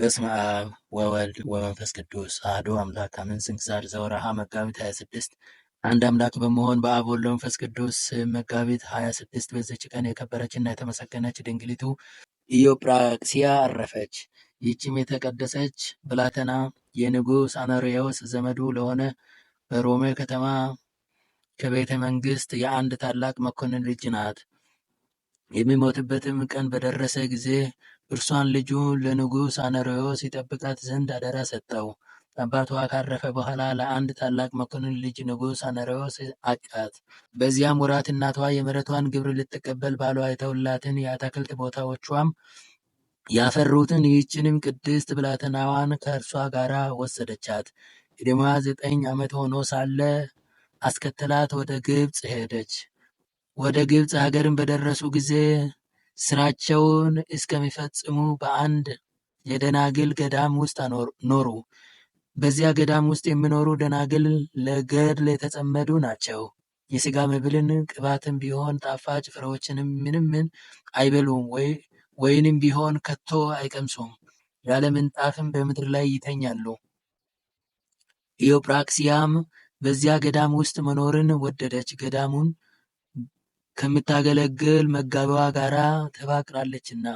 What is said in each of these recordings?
በስመ አብ ወወልድ ወመንፈስ ቅዱስ አሐዱ አምላክ አሜን። ስንክሳር ዘወርኃ መጋቢት 26 አንድ አምላክ በመሆን በአብ ወልድ መንፈስ ቅዱስ መጋቢት 26 በዚች ቀን የከበረች እና የተመሰገነች ድንግሊቱ ኢዮጵራክሲያ አረፈች። ይህችም የተቀደሰች ብላተና የንጉሥ አኖሬዎስ ዘመዱ ለሆነ በሮሜ ከተማ ከቤተ መንግሥት የአንድ ታላቅ መኮንን ልጅ ናት። የሚሞትበትም ቀን በደረሰ ጊዜ እርሷን ልጁ ለንጉሥ አኖሬዎስ ይጠብቃት ዘንድ አደራ ሰጠው። አባቷ ካረፈ በኋላ ለአንድ ታላቅ መኮንን ልጅ ንጉሥ አኖሬዎስ አጫት። በዚያም ወራት እናቷ የመሬቷን ግብር ልትቀበል ባሏ የተውላትን የአትክልት ቦታዎቿም ያፈሩትን ይህችንም ቅድስት ብላተናዋን ከእርሷ ጋር ወሰደቻት። ዕድሜዋ ዘጠኝ ዓመት ሆኖ ሳለ አስከትላት ወደ ግብፅ ሄደች። ወደ ግብፅ ሀገርን በደረሱ ጊዜ ስራቸውን እስከሚፈጽሙ በአንድ የደናግል ገዳም ውስጥ ኖሩ። በዚያ ገዳም ውስጥ የሚኖሩ ደናግል ለገድል የተጸመዱ ናቸው። የሥጋ መብልን ቅባትም ቢሆን ጣፋጭ ፍሬዎችንም ምንም አይበሉም፣ ወይንም ቢሆን ከቶ አይቀምሱም። ያለ ምንጣፍም በምድር ላይ ይተኛሉ። ኢዮጵራክሲያም በዚያ ገዳም ውስጥ መኖርን ወደደች። ገዳሙን ከምታገለግል መጋቢዋ ጋር ተፋቅራለችና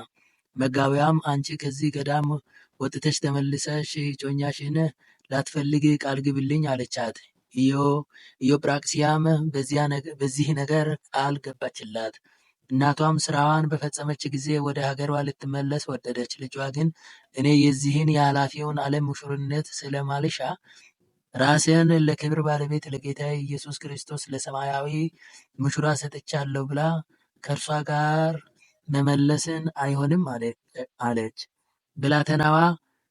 መጋቢዋም አንቺ ከዚህ ገዳም ወጥተሽ ተመልሰሽ እጮኛሽን ላትፈልግ ቃል ግብልኝ አለቻት። ኢዮጵራክሲያም በዚህ ነገር ቃል ገባችላት። እናቷም ስራዋን በፈጸመች ጊዜ ወደ ሀገሯ ልትመለስ ወደደች። ልጇ ግን እኔ የዚህን የኃላፊውን ዓለም ሙሽርነት ስለማልሻ ራሴን ለክብር ባለቤት ለጌታ ኢየሱስ ክርስቶስ ለሰማያዊ ሙሽራ ሰጥቻለሁ ብላ ከእርሷ ጋር መመለስን አይሆንም አለች። ብላተናዋ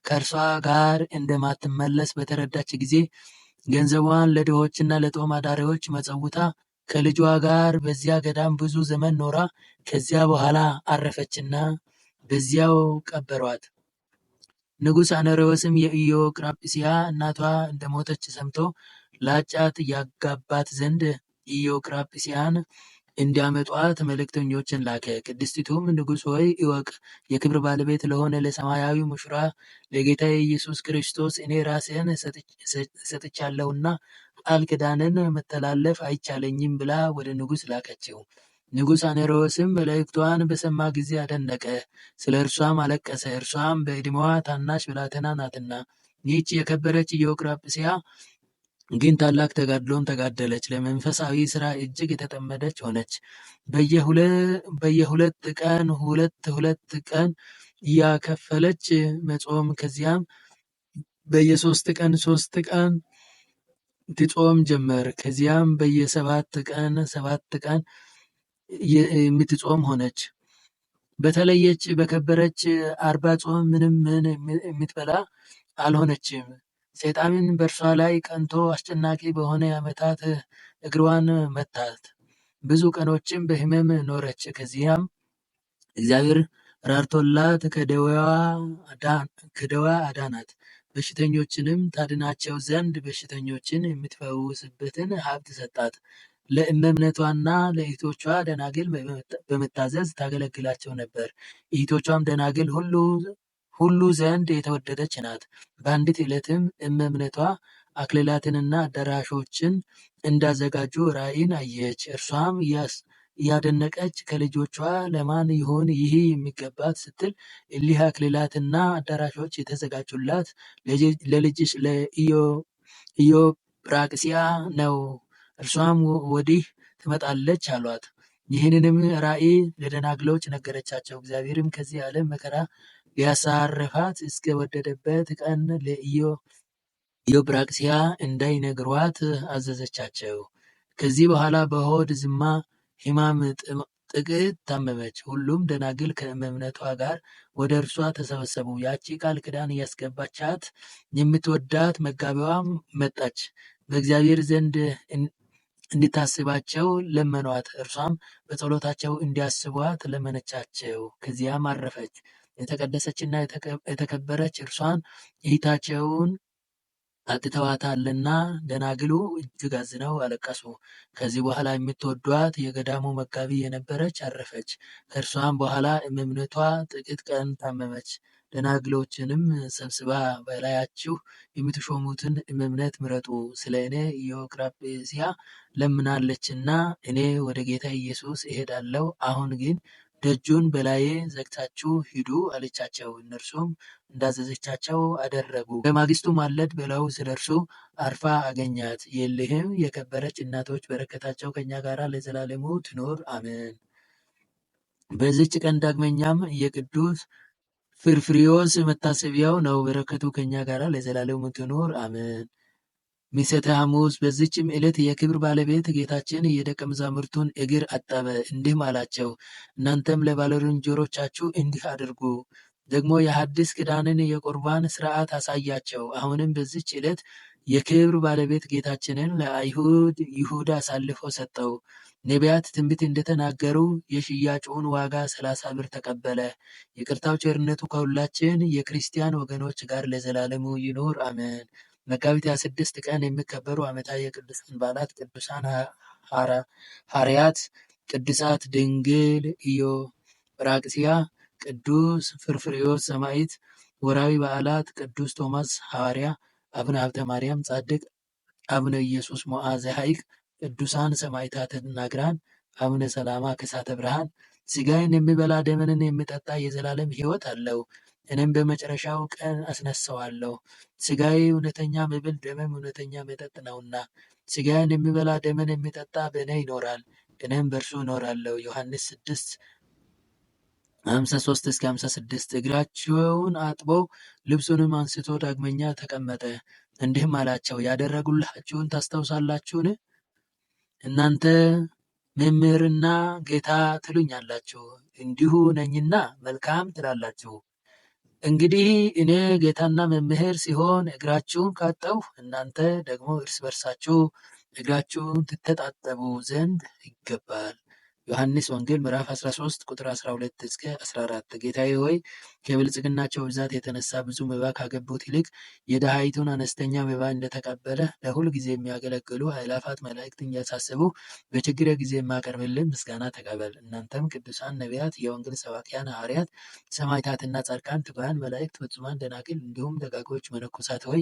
ከእርሷ ጋር እንደማትመለስ በተረዳች ጊዜ ገንዘቧን ለድሆችና ለጦም አዳሪዎች መጸውታ ከልጇ ጋር በዚያ ገዳም ብዙ ዘመን ኖራ ከዚያ በኋላ አረፈችና በዚያው ቀበሯት። ንጉሥ አኖሬዎስም የኢዮቅራጵስያ እናቷ እንደሞተች ሰምቶ ላጫት ያጋባት ዘንድ ኢዮቅራጵስያን እንዲያመጧት መልእክተኞችን ላከ። ቅድስቲቱም ንጉሥ ሆይ እወቅ፣ የክብር ባለቤት ለሆነ ለሰማያዊ ሙሽራ ለጌታ ኢየሱስ ክርስቶስ እኔ ራሴን ሰጥቻለሁና ቃል ኪዳንን መተላለፍ አይቻለኝም ብላ ወደ ንጉሥ ላከችው። ንጉሥ አኔሮስም መልእክቷን በሰማ ጊዜ አደነቀ፣ ስለ እርሷም አለቀሰ። እርሷም በዕድሜዋ ታናሽ ብላቴና ናትና። ይህች የከበረች ኢዮጵራጵስያ ግን ታላቅ ተጋድሎን ተጋደለች። ለመንፈሳዊ ሥራ እጅግ የተጠመደች ሆነች። በየሁለት ቀን ሁለት ሁለት ቀን እያከፈለች መጾም ከዚያም በየሶስት ቀን ሶስት ቀን ትጾም ጀመር። ከዚያም በየሰባት ቀን ሰባት ቀን የምትጾም ሆነች። በተለየች በከበረች አርባ ጾም ምንም ምን የምትበላ አልሆነችም። ሰይጣንን በእርሷ ላይ ቀንቶ አስጨናቂ በሆነ ዓመታት እግሯን መታት። ብዙ ቀኖችም በህመም ኖረች። ከዚያም እግዚአብሔር ራርቶላት ከደዋ አዳናት። በሽተኞችንም ታድናቸው ዘንድ በሽተኞችን የምትፈውስበትን ሀብት ሰጣት። ለእመምነቷና ለእህቶቿ ደናግል በመታዘዝ ታገለግላቸው ነበር። እህቶቿም ደናግል ሁሉ ዘንድ የተወደደች ናት። በአንዲት ዕለትም እመምነቷ አክሊላትንና አዳራሾችን እንዳዘጋጁ ራእይን አየች። እርሷም እያደነቀች ከልጆቿ ለማን ይሆን ይህ የሚገባት ስትል እሊህ አክሊላትና አዳራሾች የተዘጋጁላት ለልጅሽ ፕራቅሲያ ነው እርሷም ወዲህ ትመጣለች አሏት። ይህንንም ራእይ ለደናግሎች ነገረቻቸው። እግዚአብሔርም ከዚህ ዓለም መከራ ሊያሳርፋት እስከ ወደደበት ቀን ለኢዮጵራክሲያ እንዳይነግሯት አዘዘቻቸው። ከዚህ በኋላ በሆድ ዝማ ሕማም ጥቂት ታመመች። ሁሉም ደናግል ከእመምነቷ ጋር ወደ እርሷ ተሰበሰቡ። ያቺ ቃል ክዳን እያስገባቻት የምትወዳት መጋቢዋም መጣች። በእግዚአብሔር ዘንድ እንድታስባቸው ለመኗት እርሷም በጸሎታቸው እንዲያስቧት ለመነቻቸው። ከዚያም አረፈች። የተቀደሰችና የተከበረች እርሷን እህታቸውን አጥተዋታልና ደናግሉ እጅግ አዝነው አለቀሱ። ከዚህ በኋላ የምትወዷት የገዳሙ መጋቢ የነበረች አረፈች። ከእርሷም በኋላ እመምኔቷ ጥቂት ቀን ታመመች። ደናግሎችንም ሰብስባ በላያችሁ የምትሾሙትን መምነት ምረጡ፣ ስለ እኔ ኢዮቅራጵስያ ለምናለችና እኔ ወደ ጌታ ኢየሱስ እሄዳለሁ። አሁን ግን ደጁን በላዬ ዘግታችሁ ሂዱ አለቻቸው። እነርሱም እንዳዘዘቻቸው አደረጉ። በማግስቱ ማለድ በላው ስደርሱ አርፋ አገኛት። የልህም የከበረች እናቶች በረከታቸው ከኛ ጋር ለዘላለሙ ትኖር አሜን። በዚች ቀን ዳግመኛም የቅዱስ ፍርፍሬዎስ መታሰቢያው ነው። በረከቱ ከኛ ጋር ለዘላለሙ ትኑር አሜን። ምሴተ ሐሙስ። በዚችም ዕለት የክብር ባለቤት ጌታችን የደቀ መዛሙርቱን እግር አጠበ፣ እንዲህም አላቸው፣ እናንተም ለባልንጀሮቻችሁ እንዲህ አድርጉ። ደግሞ የሐዲስ ኪዳንን የቁርባን ሥርዓት አሳያቸው። አሁንም በዚች ዕለት የክብር ባለቤት ጌታችንን ለአይሁድ ይሁዳ አሳልፎ ሰጠው። ነቢያት ትንቢት እንደተናገሩ የሽያጩን ዋጋ ሰላሳ ብር ተቀበለ። ይቅርታው ቸርነቱ ከሁላችን የክርስቲያን ወገኖች ጋር ለዘላለሙ ይኑር አሜን። መጋቢት 26 ቀን የሚከበሩ ዓመታዊ የቅዱሳን በዓላት ቅዱሳን ሐርያት፣ ቅድሳት ድንግል ራቅሲያ ቅዱስ ፍርፍሬዎስ ሰማዕት። ወራዊ በዓላት ቅዱስ ቶማስ ሐዋርያ፣ አቡነ ሀብተ ማርያም ጻድቅ፣ አቡነ ኢየሱስ ሞዐ ዘሐይቅ ቅዱሳን ሰማዕታትና ግራን አቡነ ሰላማ ከሳተ ብርሃን ሥጋዬን የሚበላ ደመንን የሚጠጣ የዘላለም ሕይወት አለው፣ እኔም በመጨረሻው ቀን አስነሣዋለሁ። ስጋዬ እውነተኛ መብል ደመም እውነተኛ መጠጥ ነውና፣ ሥጋዬን የሚበላ ደመን የሚጠጣ በእኔ ይኖራል፣ እኔም በእርሱ እኖራለሁ። ዮሐንስ 6 53 እስከ 56 እግራቸውን አጥቦ ልብሱንም አንስቶ ዳግመኛ ተቀመጠ፣ እንዲህም አላቸው፦ ያደረጉላችሁን ታስታውሳላችሁን? እናንተ መምህርና ጌታ ትሉኛላችሁ፣ እንዲሁ ነኝና መልካም ትላላችሁ። እንግዲህ እኔ ጌታና መምህር ሲሆን እግራችሁን ካጠው እናንተ ደግሞ እርስ በርሳችሁ እግራችሁን ትተጣጠቡ ዘንድ ይገባል። ዮሐንስ ወንጌል ምዕራፍ 13 ቁጥር 12 እስከ 14 ጌታዬ ሆይ ከብልጽግናቸው ብዛት የተነሳ ብዙ መባ ካገቡት ይልቅ የድሃይቱን አነስተኛ መባ እንደተቀበለ ለሁል ጊዜ የሚያገለግሉ ኃይላፋት መላእክትን እያሳስቡ በችግር ጊዜ የማቀርብልን ምስጋና ተቀበል። እናንተም ቅዱሳን ነቢያት፣ የወንጌል ሰባኪያን ሐዋርያት፣ ሰማዕታትና ጻድቃን፣ ትጉሃን መላእክት፣ ፍጹማን ደናግል፣ እንዲሁም ደጋጎች መነኮሳት ሆይ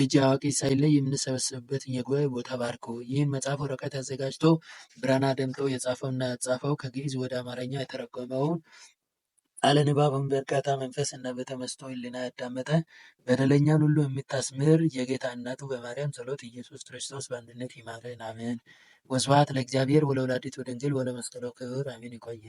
ልጅ አዋቂ ሳይለይ የምንሰበስብበትን የጉባኤ ቦታ ባርኩ። ይህን መጽሐፍ ወረቀት አዘጋጅቶ ብራና ደምጦ የጻፈውና የተጻፈው ከግዕዝ ወደ አማርኛ የተረጎመውን ቃለ በርካታ በእርጋታ መንፈስ እና በተመስጦ ሕሊና ያዳመጠ በደለኛን ሁሉ የምታስምር የጌታ እናቱ በማርያም ጸሎት ኢየሱስ ክርስቶስ በአንድነት ይማረን፣ አሜን። ወስብሐት ለእግዚአብሔር ወለወላዲቱ ድንግል ወለመስቀሉ ክብር አሜን። ይቆየ